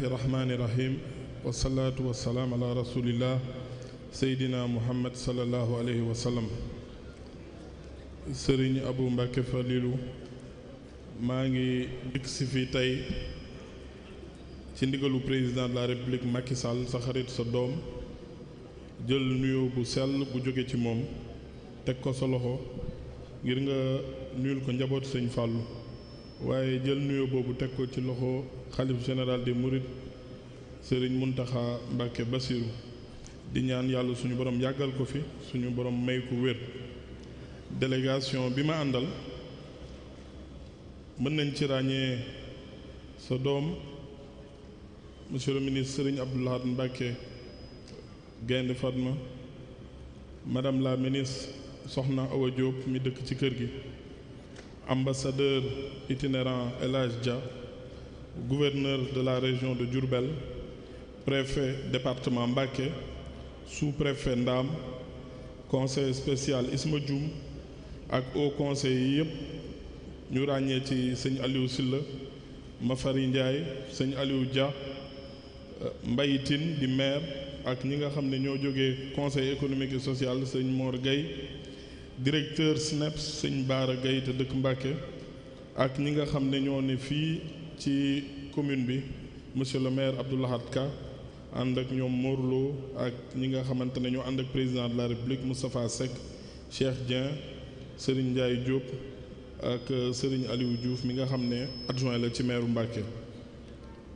bismillahi rahmaani rahim wasalaatu wasalaam ala seydina muhammad salallahu alayhi wa sëriñ abu mbàkke maa ngi dikk si fi tey ci ndigalu président la république Macky Sall sa xarit sa doom jël nuyoo bu sell bu jóge ci moom teg ko sa loxo ngir nga nuyul ko njaboot sëñ fàllu waaye jël nuye boobu teg ko ci loxo xalif général di murit sëriñ Muntaxa Mbàkke Basiru di ñaan yàlla suñu boroom yàggal ko fi suñu borom may ko wér délégation bi ma àndal mën nañ ci ràññee sa doom monsieur le ministre sëriñ Abdou Lahad Mbàkke Gaynde Fatma madame la ministre soxna Awa Diop mi dëkk ci kër gi ambassadeur itinérant El Hadj Dia gouverneur de la région de Diourbel préfet département Mbacké sous-préfet Ndam conseil spécial Isma Dioum ak o conseil yi yëpp ñu ràññee ci sëñ Aliou Silla Mafari Ndiaye sëñ Aliou Dia euh, Mbayitin di maire ak ñi nga xam ne ñoo jógee conseil économique et social sëñ Mor Gueye directeur SNEPS e sëñ Baara Gaye te dëkk Mbàkke ak ñi nga xam ne ñoo ne fii ci commune bi monsieur le maire Abdou Lahad Ka ànd ak ñoom Morlo ak ñi nga xamante ne ñoo ànd ak président de la république Moustapha Seck Cheikh Dieng Serigne Ndiaye Diop ak euh, Serigne Aliou Diouf mi nga xam ne adjoint la ci maire Mbàkke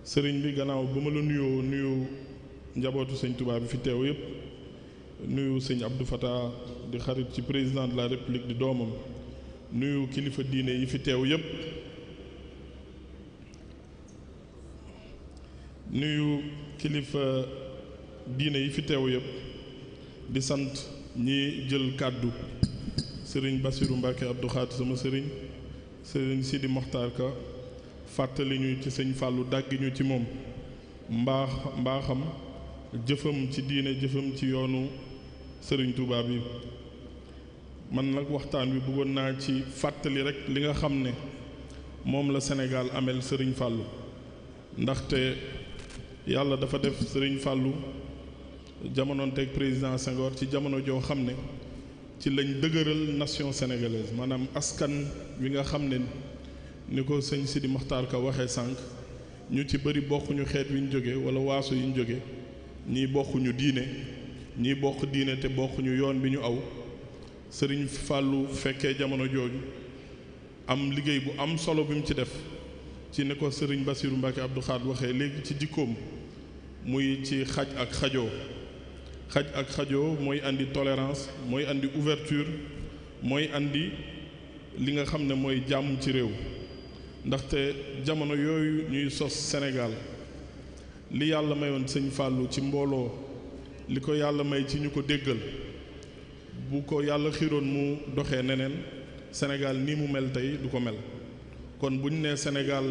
Serigne bi gannaaw ba ma la nuyoo nuyu njabootu sëñ Touba bi fi teew yëpp. nuyu sëñ Abdou Fattah di xarit ci président de la république di doomam nuyu kilifa diine yi fi teew yépp nuyu kilifa diine yi fi teew yépp di sant ñi jël kàddu sëriñ basiru Mbacke Abdou Khadre sama sëriñ sëriñ Sidi Mokhtar Ka fàttali ci sëñ Fallou dàgg ci moom mbaax mbaaxam jëfam ci diine jëfam ci yoonu sëriñ tubaab yi man nag waxtaan wi bëggoon naa ci fàttali rek li nga xam ne moom la Sénégal ameel Serigne fàllu ndaxte yàlla dafa def Serigne fàllu jamonoonteeg président sengoor ci jamono joo xam ne ci lañ dëgëral nation sénégalaise maanaam askan wi nga xam ne ni ko sëñ Sidi Mokhtar ko waxee sànq ñu ci bari bokkuñu xeet wi ñu jóge wala waaso yi ñu jóge ñii bokkuñu diine ñii bokk diine te bokkuñu yoon bi ñu aw sëriñ fàllu fekkee jamono jooju am liggéey bu am solo bi ci def ci ne ko sëriñ basiiru Mbacké Abdou Khadre waxee léegi ci jikkoom muy ci xaj ak xajoo xaj ak xajoo mooy indi tolerance mooy andi ouverture mooy andi li nga xam ne mooy jàmm ci réew ndaxte jamono yooyu ñuy sos senegal li yàlla mayoon sëñ Fallou ci mbooloo li ko yàlla may ci ñu ko déggal bu ko yàlla xiroon mu doxee neneen Sénégal ni mu mel tey du ko mel kon bu ñu nee Sénégal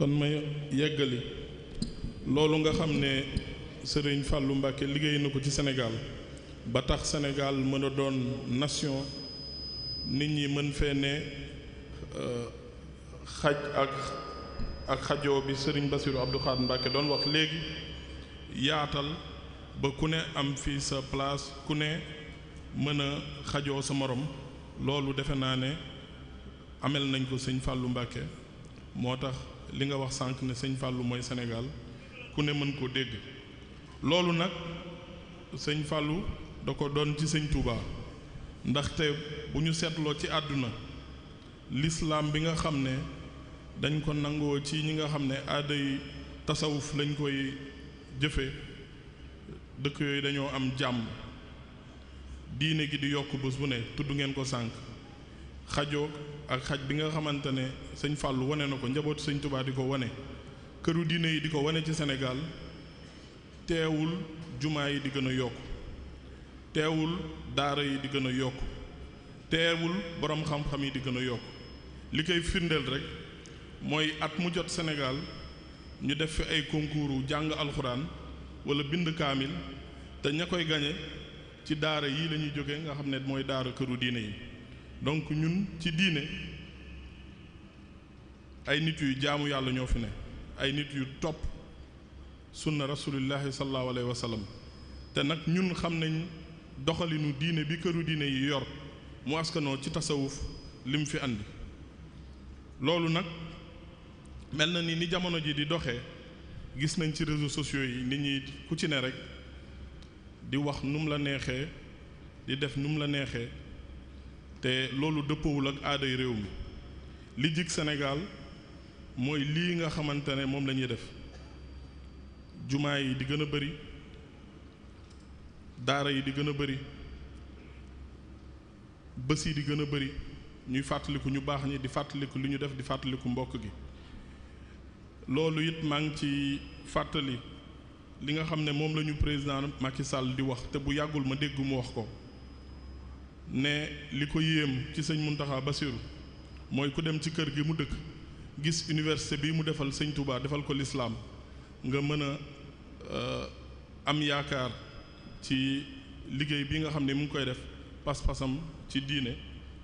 kon may yeggali loolu nga xam ne sëriñ Fallou Mbacké liggéey na ko ci Sénégal ba tax senegal mën a doon nation nit ñi mën fee ne euh, xaj ak ak xajoo bi sëriñ Bassirou Abdou Khadre Mbacké doon wax léegi yaatal ba ku ne am fi sa place ku ne mën a xajoo sa morom loolu defe naa ne amel nañ ko sëñ Fallou Mbacké moo tax li nga wax sànq ne sëñ Fallou mooy Sénégal ku ne mën koo dégg loolu nag sëñ Fallou da ko doon ci sëñ Touba ndaxte bu ñu seetloo ci àdduna lislaam bi nga xam ne dañ ko nangoo ci ñi nga xam ne aaday tasawuf lañ koy jëfe dëkk yooyu dañoo am jàmm diine gi di yokk bés bu ne tudd ngeen ko sànq xajoog ak xaj bi nga xamante ne sëñ Fallou wane na ko njabootu sëñ Touba di ko wane këru diine yi di ko wane ci Sénégal teewul jumaa yi di gën a yokku teewul daara yi di gën a yokku teewul borom xam-xam yi di gën a yokku li koy firndeel rek mooy at mu jot Sénégal ñu def fi ay concours jàng alxuraan walla bind kaamil te ña koy gañe ci daara yii lañuy jóge nga xam ne mooy daara këru diine yi donc ñun ci diine ay nit yu jaamu yàlla ñoo fi ne ay nit yu topp sunna rasulillahi sallallahu alayhi wa sallam te nag ñun xam nañ doxalinu diine bi këru diine yi yor mu askanoo ci tasawuf lim fi ànd loolu nag mel na ni ni jamono ji di doxee gis nañ ci réseaux sociaux yi nit ñi ku ci ne rek di wax nu mu la neexee di def nu mu la neexee te loolu dëppowul ak aaday réew mi li jig Sénégal mooy lii nga xamante ne moom lañuy def jumaa yi di gën a bëri daara yi di gën a bëri bés yi di gën a bëri ñuy fàttaliku ñu baax ñi di fàttaliku li ñu def di fàttaliku mbokk gi loolu it maa ngi ci fàttali li nga xam ne moom lañu ñu président Macky Sall di wax te bu yàggul ma dégg mu wax ko ne li ko yéem ci sëñ Muntaxa Basiru mooy ku dem ci kër gi mu dëkk gis université bi mu defal sëñ Touba defal ko lislaam nga mën a euh, am yaakaar ci liggéey bi nga xam ne mu ngi koy def pas-pasam ci diine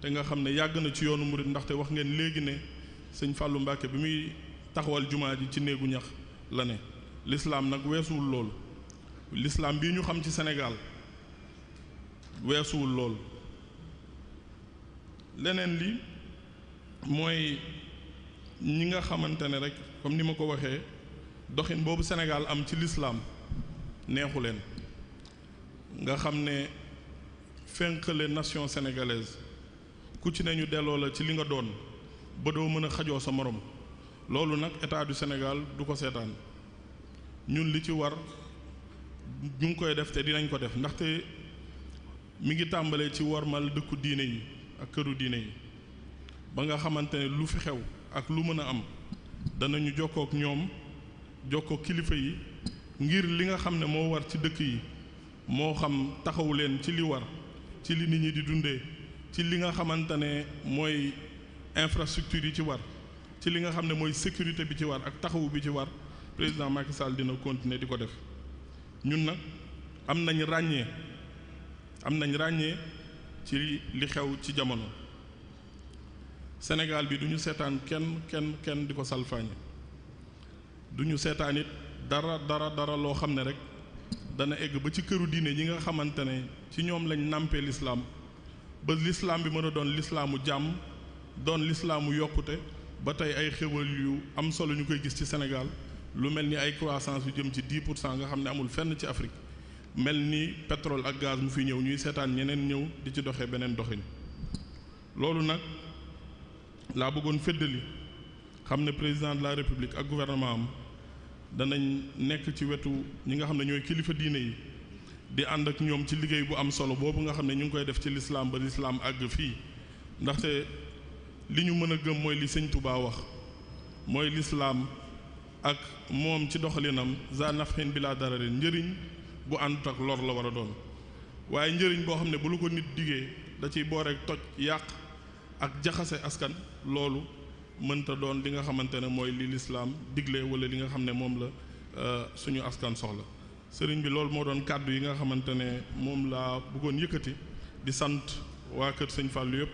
te nga xam ne yàgg na ci yoonu murit ndaxte wax ngeen léegi ne sëñ Fàllu Mbàkke bi muy taxawal jumaa ji ci néegu ñax la ne lislaam nag weesuwul lool lislaam bii ñu xam ci Sénégal weesuwul lool leneen li mooy ñi nga xamante ne rek comme ni ma ko waxee doxin boobu Sénégal am ci lislaam neexu leen nga xam ne fenqale nation sénégalaise ku ci ne ñu delloo la ci li nga doon ba doo mën a xajoo sa morom loolu nag état du Sénégal du ko seetaan ñun li ci war ñu ngi koy def te dinañ ko def ndaxte mi ngi tàmbalee ci warmal dëkku diine yi ak këru diine yi ba nga xamante ne lu fi xew ak lu mën a am danañu jokkook ñoom jokkook kilifa yi ngir li nga xam ne moo war ci dëkk yi moo xam taxawu leen ci li war ci li nit ñi di dundee ci li nga xamante ne mooy infrastructure yi ci war ci li nga xam ne mooy sécurité bi ci war ak taxawu bi ci war président Macky Sall dina continuer di ko def ñun nag am nañ ràññee am nañ ràññee ci li xew ci jamono Sénégal bi du ñu seetaan kenn kenn kenn di ko salfaañe du ñu seetaan it dara dara dara loo xam ne rek dana egg ba ci këru diine ñi nga xamante ne ci ñoom lañ nàmpee lislaam ba lislaam bi mën a doon lislaamu jàmm doon lislaamu yokkute ba tey ay xéwal yu am solo ñu koy gis ci Sénégal lu mel ni ay croissance yu jëm ci 10 pour cent nga xam ne amul fenn ci Afrique mel ni pétrole ak gaz mu fi ñëw ñuy seetaan ñeneen ñëw di ci doxee beneen doxin loolu nag laa bëggoon féddali xam ne président de la république ak gouvernement am danañ nekk ci wetu ñi nga xam ne ñooy kilifa diine yi di ànd ak ñoom ci liggéey bu am solo boobu nga xam ne ñu ngi koy def ci lislaam ba lislaam àgg fii ndaxte li ñu mën a gëm mooy li sëñ baa wax mooy lislaam ak moom ci doxalinam za nafhin bila dararin njëriñ bu àndut ak lor la war a doon waaye njëriñ boo xam ne bu lu ko nit diggee da ciy booreeg toj yàq ak jaxase askan loolu mënta doon li nga xamante ne mooy li lislaam digle wala li nga xam ne moom la euh, suñu askan soxla sëriñ bi loolu moo doon kàddu yi nga xamante ne moom laa bëggoon yëkkati di sant waa kër sëñ Fàllu yëpp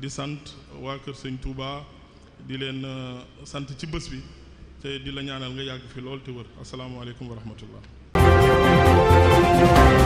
di sant waa kër sëñ Touba di leen euh, sant ci bés bi te di la ñaanal nga yàgg fi lool te wër asalaamaaleykum wa rahmatullah thank you